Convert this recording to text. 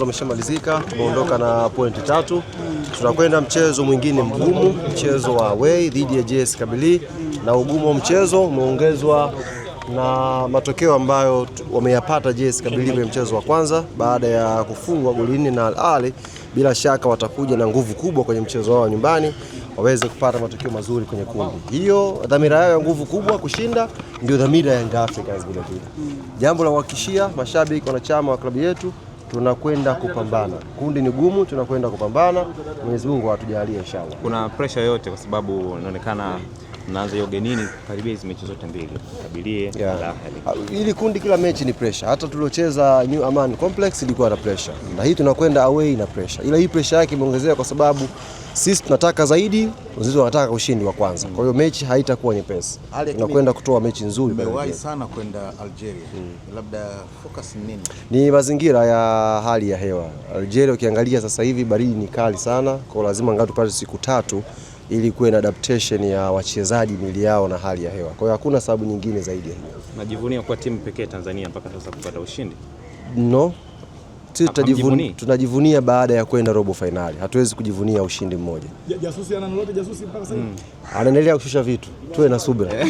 Tumeshamalizika, tumeondoka na pointi tatu. Tunakwenda mchezo mwingine mgumu, mchezo wa away dhidi ya JS Kabylie, na ugumu wa mchezo umeongezwa na matokeo ambayo wameyapata JS Kabylie kwenye mchezo wa kwanza baada ya kufungwa goli nne na Al Ahly. Bila shaka watakuja na nguvu kubwa kwenye mchezo wao nyumbani, waweze kupata matokeo mazuri kwenye kundi. Hiyo dhamira yao ya nguvu kubwa kushinda ndio dhamira ya Young Africans vile vile. Jambo la kuhakikishia mashabiki wanachama wa klabu yetu tunakwenda kupambana. Kundi ni gumu, tunakwenda kupambana. Mwenyezi Mungu atujalie inshallah. Kuna pressure yote, kwa sababu inaonekana mnaanza hiyo genini karibia hizo mechi zote mbili kabilie yeah. Ili kundi kila mechi ni pressure. Hata tuliocheza New Aman Complex ilikuwa na pressure mm. Na hii tunakwenda away na pressure, ila hii pressure yake imeongezeka kwa sababu sisi tunataka zaidi, wenzetu wanataka ushindi wa kwanza. Kwa hiyo mechi haitakuwa nyepesi, tunakwenda kutoa mechi nzuri. Umewahi sana kwenda Algeria, hmm. labda focus nini? Ni mazingira ya hali ya hewa. Algeria ukiangalia sasa hivi baridi ni kali sana, kwa hiyo lazima angalau tupate siku tatu ili kuwe na adaptation ya wachezaji mili yao na hali ya hewa. Kwa hiyo hakuna sababu nyingine zaidi ya hiyo. Najivunia kwa timu pekee Tanzania mpaka sasa kupata ushindi no sisi tunajivunia baada ya kwenda robo fainali, hatuwezi kujivunia ushindi mmoja. Jasusi ana lolote, jasusi mpaka sasa hmm. anaendelea kushusha vitu, tuwe na subira.